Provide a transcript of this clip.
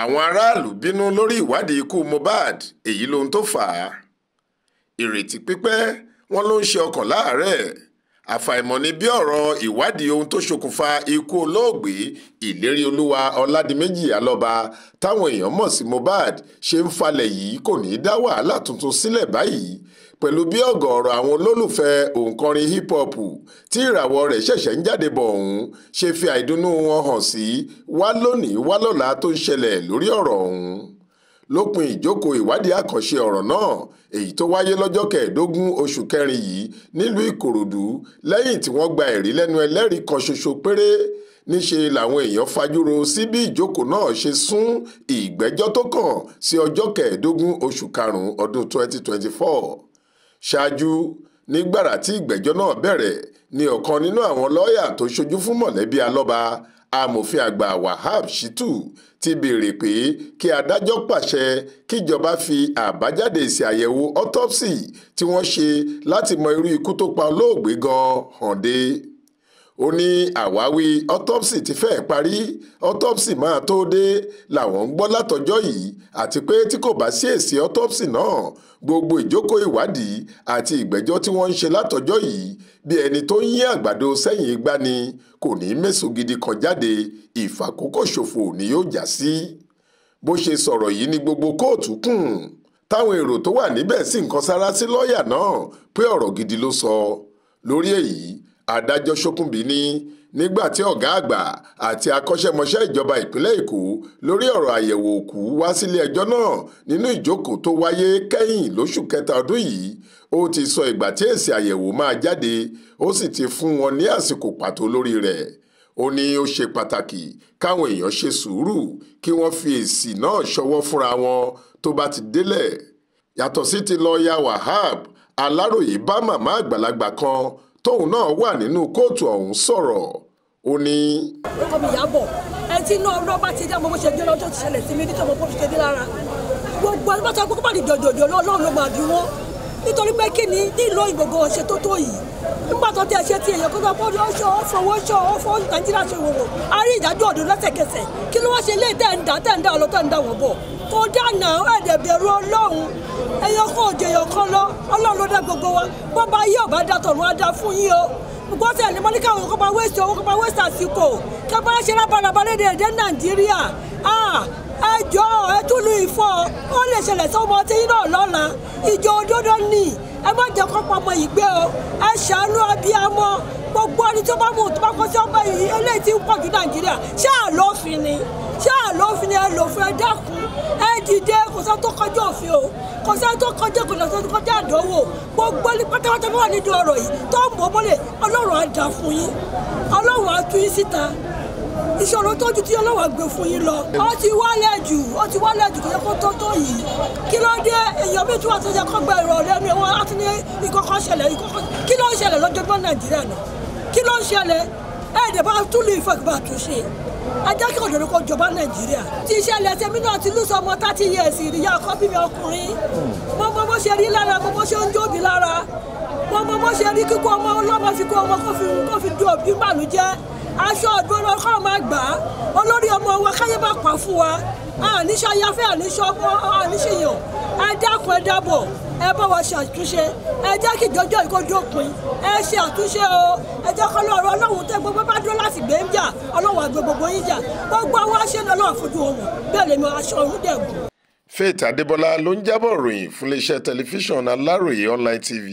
àwọn aráàlú bínú lórí ìwádìí ikú Mohbad èyí lohun tó fà á ìrètí pípẹ́ wọn ló ń ṣe ọkàn láàárẹ̀ àfàìmọ̀ ni bí ọ̀rọ̀ ìwádìí ohun tó ṣokùnfà ikú olóògbé ìlérí olúwa ọládìméjì alọ́ba táwọn èèyàn mọ̀ sí Mohbad ṣe ń falẹ̀ yìí kò ní í dá wàhálà tuntun sílẹ̀ báyìí pẹ̀lú bí ọ̀gọ̀ọ̀rọ̀ àwọn olólùfẹ́ òǹkọrin hip hop tí ìràwọ̀ rẹ̀ ṣẹ̀ṣẹ̀ ń jáde bọ̀ ọ̀hún ṣe fi àìdùnnú wọn hàn sí wá lónìí wá lọ́la tó ń ṣẹlẹ̀ lórí ọ̀rọ̀ ọ̀hún lópin ìjókòó ìwádìí àkànṣe ọ̀rọ̀ náà èyí tó wáyé lọ́jọ́ kẹẹ̀ẹ́dógún oṣù kẹrin yìí nílùú ìkòròdú lẹ́yìn tí wọ́n gba ẹ̀rí lẹ́nu ẹlẹ́rìí kan ṣoṣo péré níṣe làwọn èèyàn fajúro sí bí ìjókòó náà ṣe sún ìgbẹ́jọ́ tó kàn sí ọjọ́ kẹẹ̀ẹ́dógún oṣù karùn-ún ọdún 2024 ṣáájú nígbàrà tí ìgbẹ́jọ́ náà bẹ̀rẹ̀ ni ọ̀kan nínú àwọn lọ́ọ̀yà tó ṣojú fún mọ̀lẹ́bí alọ́ba amòfin àgbà wahab shitu ti béèrè pé kí adájọ́ pàṣẹ kíjọba fi àbájáde èsì àyẹ̀wò autopsy tí wọ́n ṣe láti mọ irú ikú tó pa olóògbé gan-an hàn ó ní àwáwí autopsy ti fẹ́ẹ̀ parí autopsy máa tó dé làwọn ń gbọ́ látọjọ́ yìí àti pé tí kò bá sí èsì autopsy náà gbogbo ìjókòó ìwádìí àti ìgbẹ́jọ́ tí wọ́n ń ṣe látọjọ́ yìí bí ẹni tó ń yín àgbàdo sẹ́yìn igbá ni kò ní mẹ́sùn gidi kan jáde ìfàkókò ṣòfò ni yóò já sí bó ṣe sọ̀rọ̀ yìí ni gbogbo kóòtù kùn táwọn èrò tó wà níbẹ̀ sì ń kan sí lọ́ọ̀yà náà pé ọ̀rọ̀ gidi ló sọ lórí èyí adájọ́ ṣókùnbí ní nígbà tí ọ̀gá àgbà àti akọ́ṣẹ́mọṣẹ́ ìjọba ìpínlẹ̀ èkó lórí ọ̀rọ̀ àyẹ̀wò òkú wá sílé ẹjọ́ náà nínú ìjókòó tó wáyé kẹ́yìn lóṣù kẹta ọdún yìí ó ti sọ ìgbà tí èsì àyẹ̀wò máa jáde ó sì ti fún wọn ní àsìkò pàtó lórí rẹ̀ ó ní ó ṣe pàtàkì káwọn èèyàn ṣe sùúrù kí wọ́n fi èsì náà ṣọwọ́ fúnra wọn tó bá ti délẹ̀ yàtọ̀ sí ti lọ́ọ̀yà wahab aláròyé bá màmá àgbàlagbà kan tóun náà wà nínú kóòtù ọ̀hún sọ̀rọ̀ ó ní. ọkọ mi yà bọ̀ ẹ tí bá ti dá mo bó ṣe dé lọ́jọ́ ti ṣẹlẹ̀ sí mi nítorí mo bó ṣe dé lára gbogbo alùpàtà gbogbo àdì jọ̀jọ̀jọ̀ lọ́wọ́ ló máa bí wọ́n nítorí pé kí ni nílò ìgbògbò ọ̀ṣẹ́ tó tó yìí nígbà tó tẹ ṣe ti èyàn kó gbà bọ́ọ̀lù ọ̀ṣọ́ ọ̀fọwọ́ṣọ́ ọ̀fọ́ nàìjíríà ṣe wòwò a rí ìdájọ́ ọ̀dún lẹ́sẹ̀kẹsẹ̀ kí ló wá ṣe lé tẹ̀ ń dá tẹ̀ ń dá ọ̀lọ́ ń dá wọ̀ bọ̀ kó dànà ẹ̀ẹ́dẹ̀bẹ̀rù ọlọ́run ẹ̀yọkọ̀ lọ ọlọ́run ló dá gbogbo wa bọ́ba ayé bàbá dá tọ̀run á dá fún yín o gbogbo ọ̀sẹ̀ ni mọ́níkà òun kó máa wéṣẹ̀ owó kó àsìkò kí wọ́n ṣe rábàràbà lédè èdè nàìjíríà ẹ jọ ìfọ́ ó lè ṣẹlẹ̀ sọ́mọ tí yín náà lọ́la ìjọ òdodo ni ẹ má jẹ́ kó pamọ́ yìí gbé o ẹ ṣàánú abiyamọ gbogbo ẹni tó bá mú tó bá kọ́ sí ọgbà yìí eléyìí ti ń pọ̀ ju nàìjíríà ṣáà lófin ni òfin ẹ dákun ẹ dìde kò sá tó kọjá òfin o kò sá tó kọjá kò sá tó kọjá àdánwò gbogbo ní pátápátá wà nínú ọ̀rọ̀ yìí tó ń bọ̀ mọ́lẹ̀ ọlọ́run á dà fún yín ọlọ́run á tú yín síta ìṣòro tójú tí ọlọ́wà gbé fún yín lọ. ó ti wálẹ̀ jù ó ti wálẹ̀ jù kò yẹ kó tó tó yìí. kí ló dé èèyàn méjì wà tó yẹ kó gba ìrọ̀ lẹ́nu ẹ̀wọ̀n láti ní ìkọ̀kọ̀ ṣẹlẹ̀ ìkọ̀kọ̀ kí ló ń ṣẹlẹ̀ lọ́jọ́gbọ́n nàìjíríà náà kí ló ń ṣẹlẹ̀ ẹ̀ẹ́dẹ̀ bá tún lè fẹ́ bá tún ajá kí òdòdó kó jọba nàìjíríà ti ṣẹlẹ̀ tèmi náà ti lùsọ ọmọ thirty years ìyá ọkọ bíbí ọkùnrin mo mọ bó ṣe rí lára mo bó ṣe ń jóbi lára mo mọ bó ṣe rí kíkó ọmọ ọlọ́mọ fi kó ọmọ kó fi dùn òbí bàlújẹ́ aṣọ ọ̀dọ́ ọlọ́kọ́ máa gbà á olórí ọmọ wa káyé bá pa fún wa àníṣe ayáfẹ́ àníṣe àníṣeyàn ẹ dákun ẹ dábọ̀ ẹ bá wa ṣe àtúnṣe ẹ jẹ́ kí ìjọjọ́ yìí kó dópin ẹ ṣe àtúnṣe o ẹ jẹ́ kọ́ lọ́rọ̀ ọlọ́run tẹ́ gbogbo bá dúró láti gbé ń jà ọlọ́run àgbẹ̀ gbogbo yín jà gbogbo àwọn aṣẹ́ lọ́lọ́run fojú wọn bẹ́ẹ̀ lèmi aṣọ òun dẹ̀gùn. Faith Adébọlá ló ń jábọ̀ ròyìn fún iléeṣẹ́ tẹlifíṣàn Aláròyé online tv.